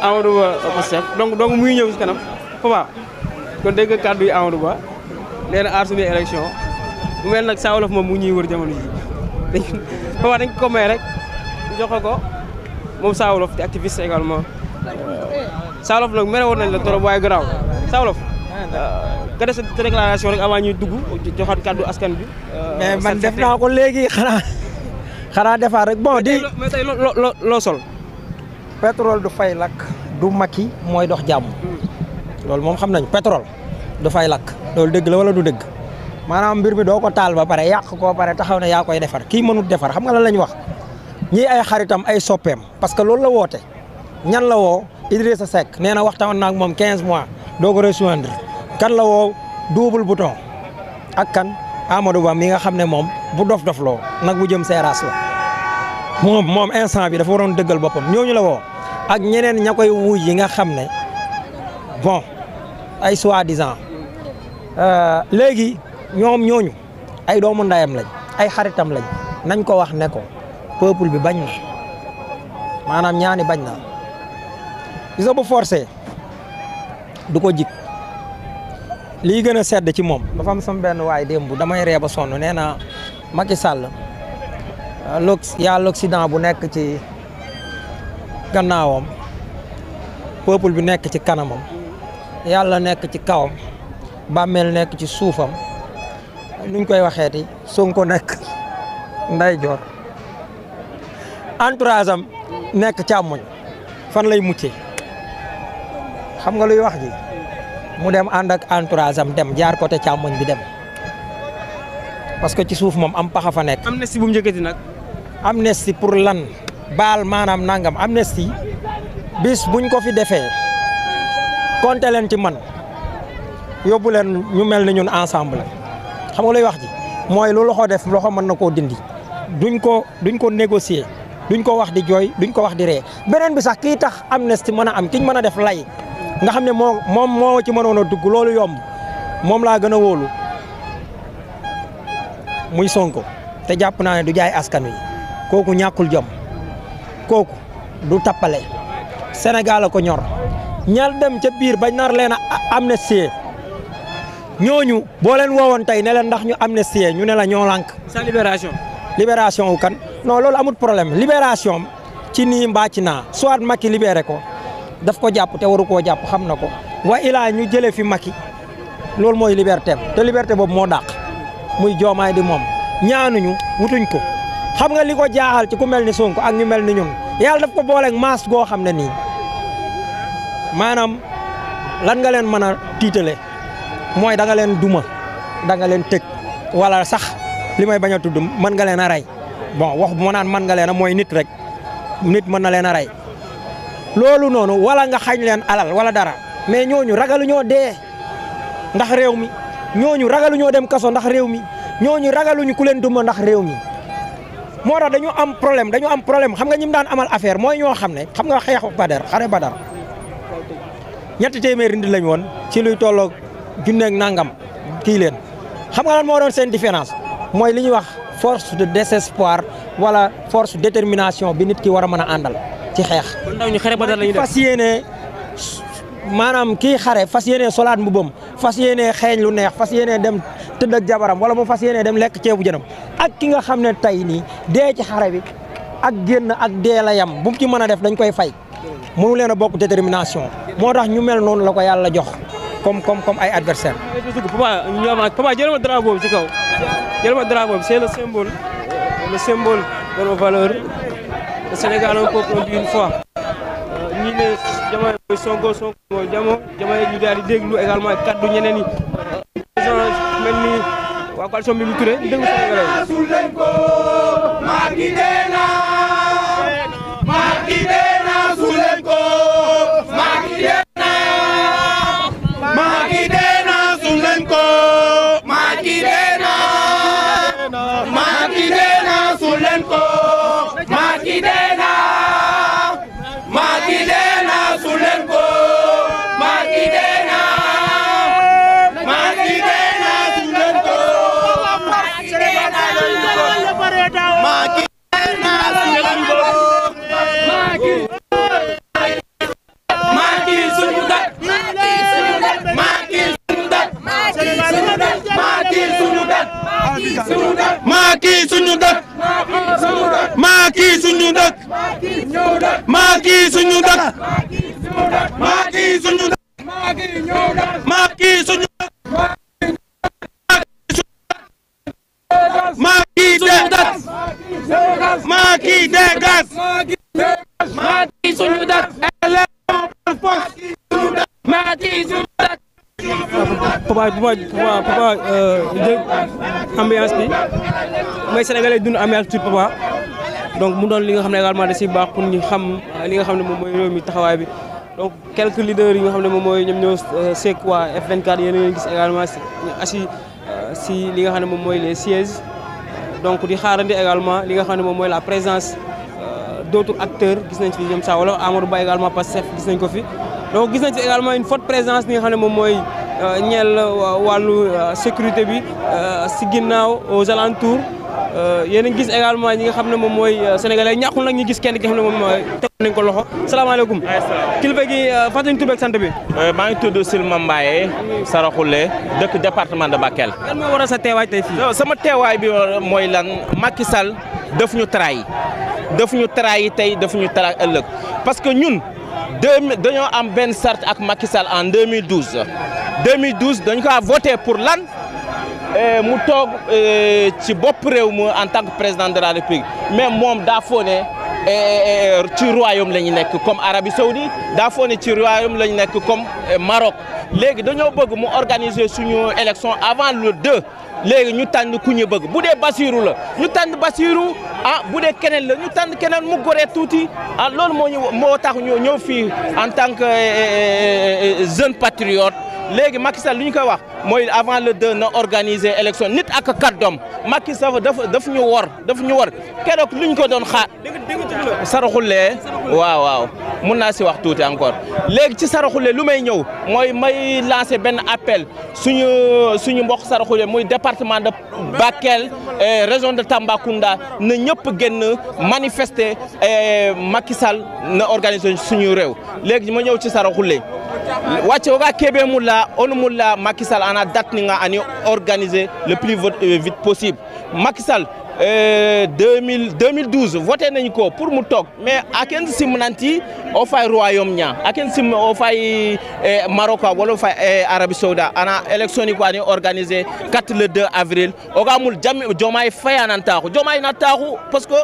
Amadou Ba Pastef donc donc muy ñëw si kanam Fapal kon dégg nga kàddu yi Amadou Ba nee na aar suñuy élection bu mel nag Saa Wolof moom mu ñuy wër jamono ji Fapal dañ ko rek jox ko ko moom Saa Wolof di activiste également Saa Wolof nag mere woon nañ la trop waaye garaaw Saa Wolof nga def sa déclaration rek avant ñuy dugg joxaat kàddu askan bi. mais man euh, def naa ko léegi xanaa defaat rek bon di. mais loo loo sol. pétrole du fay lakk du Macky mooy dox jàmm loolu moom xam nañ pétrole du fay lakk loolu dëgg la wala du dëgg maanaam mbir mi doo ko taal ba pare yàq koo bare taxaw ne yaa koy defar kii mënut defar xam nga lan lañ wax ñii ay xaritam ay soppeem parce que loolu la woote ñan la woo Idrissa Seck nee na waxtaan naag moom 15 mois doo ko rejoindre kan la woo double bouton ak kan Amadou Ba mi nga xam ne moom bu dof dof loo nag bu jëm seeraas la moom moom instant bi dafa waroon dëggal boppam ñooñu la woo ak ñeneen ña koy wuy yi nga xam ne bon ay soi-disant euh, léegi ñoom ñooñu ay doomu ndayam lañ ay xaritam lañ nañ ko wax ne ko peuple bi bañ na maanaam ñaani bañ na gis nga bu forcé du ko jik lii gën a sedd ci moom dafa am sama benn waay démb damay ree ba sonn nee na Macky Sall yaa l'Occident bu nekk ci gannaawam peuple bi nekk ci kanamam yàlla nekk ci kawam bàmmeel nekk ci suufam nuñ koy waxeeti Sonko nekk ndeyjoor joor am nekk càmmoñ fan lay muccee xam nga luy wax ji mu dem ànd ak entourage am dem jaar côté càmmoñ bi dem parce que ci suuf moom am paxa fa nekk. am nag. amnistie pour lan baal maanaam nangam amnistie bis buñ ko fi defee compter leen ci man yóbbu leen ñu mel ni ñun ensemble xam nga lay wax ji mooy lu loxo def loxo mën na koo dindi duñ ko duñ ko négocier duñ ko wax di jooy duñ ko wax di ree beneen bi sax kii tax amnistie mën a am kiñ mën a def lay nga xam ne moo moom moo ci mënoon a dugg loolu yomb moom laa gën a wóolu muy Sonko te jàpp naa ne du jaay askan wi kooku ñàkkul jom kooku du tappale Sénégal ko ñor ñal dem ca biir ba nar leen a amnistie ñooñu boo leen woowoon tey ne leen ndax ñu amnistie ñu ne la ñoo lànk. sa libération. libération kan non loolu amut problème libération ci nii mbaa ci naa soit Macky libéré ko daf ko jàpp te waru koo jàpp xam na ko wa ilaa ñu jëlee fi Macky loolu mooy liberté te liberté boobu moo dàq muy joomaay di moom ñaanuñu wutuñ ko. xam nga li ko jaaxal ci ku ni Sonko ak ñu mel ni ñun yàlla daf ko booleeg maas goo xam ne nii maanaam lan nga leen mën a tiitale mooy da nga leen duma danga leen tëg wala sax li may bañ a tudd mën nga leen a rey bon wax bu naan mën nga leen a mooy nit rek nit mën na leen a rey loolu noonu wala nga xañ leen alal wala dara mais ñooñu ragalu ñoo dee ndax réew mi ñooñu ragalu ñoo dem kaso ndax réew mi ñooñu ragaluñu ku leen duma ndax réew mi moo tax dañu am problème dañu am problème xam nga ñi mu daan amal affaire mooy ñoo xam ne xam nga xeexu badar xare badar ñetti téeméeri nit lañ woon ci luy tolloog junneeg nangam kii leen xam nga lan moo doon seen différence mooy li ñuy wax force de désespoir wala force détermination bi nit ki war a mën a àndal ci xeex. ndaw ñi xare badar lañu def fas yéenee maanaam kii xare fas yéenee solaat mbubam fas yéenee xeeñ lu neex fas yéenee dem tëdd ak jabaram wala moo fas yéenee dem lekk ceebu jënam ak ki nga xam ne tey nii dee ci xare bi ak génn ak dee yam bu mu ci mën a def dañ koy fay mënu leen a bokk détermination moo tax ñu mel noonu la ko yàlla jox comme comme comme ay adversaire papa ñu avance papa jël ma drapeau bi ci kaw jël ma drapeau bi c'est le symbole le symbole de nos valeurs le Sénégal on peut produire une fois euh, ñi ne jamono di déglu également kaddu ñeneen waa coalition bi mu turé déglu Sénégalais Macky suñu dak Macky suñu dak Macky suñu dak Macky suñu dak Macky dégas Macky suñu dak Macky suñu dak papa papa papa euh, ambiance bi mooy sénégalais dund ambiance bi papa donc mu doon li nga xam ne également da si baax pour xam euh, li ne moom mooy réew mi taxawaay bi donc quelques leaders yi nga xam ne moom mooy ñoom ñoo euh, seek a ngi gis euh, li nga xam ne moom mooy les sièges donc di xaarandi également li nga xam ne moom mooy la présence d' acteur acteurs gis nañ fi ñoom saa wala Amadou Ba également Pastef gis nañ ko fi donc gis nañ fi également une forte présence li nga xam ne moom mooy ñeel wàllu sécurité bi si ginnaaw aux alentours Euh, yéen a ngi gis également ñi nga xam ne moom mooy euh, sénégalais ñàkkul nag ñu gis kenn ki nga xam ne moom teg nañ ko loxo salaamaaleykum kilifa gi euh, fàttali ñu tur ak sant bi maa ngi tudd Silma Mbaye Saraxule dëkk département de Bakel lan moo waral sa teewaay tey fii sama teewaay bi mooy lan Macky Sall daf ñu trahi daf ñu trahi tey daf ñu trahi ëllëg parce que ñun deux dañoo am benn sart ak Macky Sall en 2012 2012 dañ ko voté pour lan Eh, mu toog eh, ci bopp réew mu en tant que président de la république moom daa foo eh, ne ci royaume la ñu nekk comme Arabie Saoudite daa foo ci royaume la ñu nekk comme Maroc léegi dañoo bëgg mu organiser suñu élection avant le 2 léegi ñu tànn ku ñu bëgg bu dee Bassirou la ñu tànn Bassirou ah bu dee keneen la ñu tànn keneen mu goree tuuti ah lool moo ñu moo tax ñu ñëw fii en tant que jeune patriote léegi Macky Sall lu ñu koy wax. mooy avant le deux na organiser élection nit ak kàddoom Macky Sall daf daf ñu wor daf ñu wor lu ñu ko doon xaar. saraxulee waaw waaw mun naa si wax tuuti encore léegi ci saraxulee lu may ñëw mooy may lancer benn appel suñu suñu mbokk saraxulee muy département de Bakel région de Tambacounda na ñëpp génn manifester Macky Sall na organiser suñu réew léegi ma ñëw ci saraxulee wàcce waga kebe mu la onu mu la Macky Sall ana datninga ani organiser le plus vite euh, possible Macky Sall 2000 euh, 2012 voté nañ ko pour mu toog mais aken sim nanti o fay royaume ña aken sim o fay euh, Maroc wala o fay Arabie Saoudi ana élection ko ani organisé 4 le 2 avril oga mul jam Diomaye fayanantaxu Diomaye na taxu parce que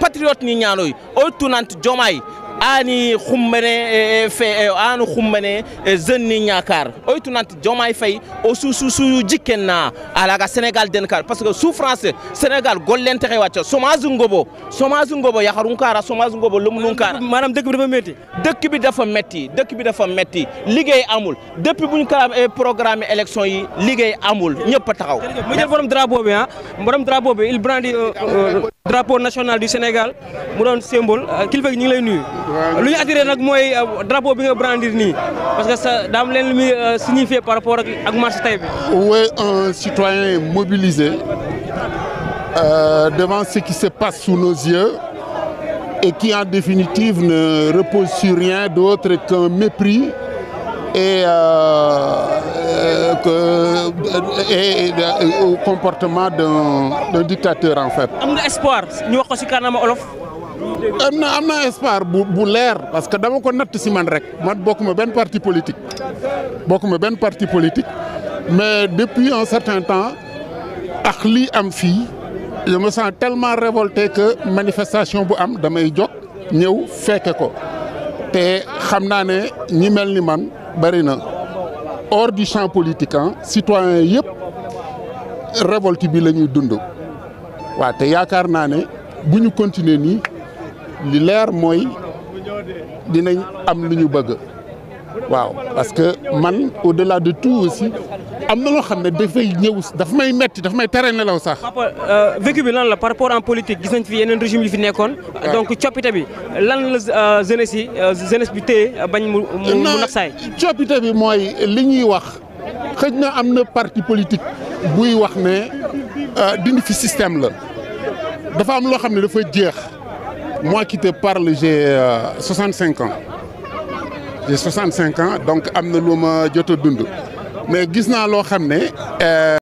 patriote ni ñanoy o tunant Diomaye aani xumbane e, e, fe e, aanu xumbane zenni ñakar oytunante jomay fay o sususuyu jikkenna alaga sénégal den kar parce que souffrance sénégal gollen texe wacca chômage ngobo chômage ngobo yaharun kara chômage ngobo lumnun kara manam dëkk bi dafa metti dëkk bi dafa metti dëkk bi dafa metti liggéey amul depuis buñ kala eh, programme élection yi liggéey amul ñëpp taxaw mu jël borom drapeau bi ah borom drapeau bi il brandit euh, euh, drapeau national du Sénégal mu doon symbole kilifa gi ñu ngi lay nuyu. lu ñu attiré nag mooy euh, drapeau bi nga brandir nii parce que ça daam leen lu muy euh, signifier par rapport ak marche tey bi. oui un citoyen mobilisé euh, devant ce qui se passe sous nos yeux et qui en définitive ne repose sur rien qu'un mépris et euh, que, euh, euh, et, et, euh, au dictateur en fait. am nga espoir ñu wax ko ci kanam olof. am na am na espoir bu bu leer parce que dama ko natt si man rek man bokkuma benn parti politique bokkuma benn parti politique mais depuis un certain temps ak lii am fii je me sens tellement révolté que manifestation bu am damay jox ñëw fekke ko te xam naa ne ñi mel ni man bari na. or du champ politique ah citoyen yëpp révolte bi la ñuy dund waaw te yaakaar naa ne bu ñu continuer nii li leer mooy dinañ am lu ñu bëgg waaw parce que man de delà de tout aussi am na loo xam ne dafay ñëw dafa may metti daf may tere nelaw sax. papa euh, vécu bi lan la par rapport en politique gis nañ fi yeneen régime yu fi nekkoon. donc coppite bi lan la euh, jeunesse yi euh, jeunesse bi téye bañ mu mu mu naxsaay. coppite bi mooy li ñuy wax xëj na am na parti politique buy wax ne dindi fi système la dafa am loo xam ne dafa jeex. moi qui te parle j'ai 65 ans j'ai 65 ans donc am na lu ma jot a dund. mais gis naa loo xam ne euh,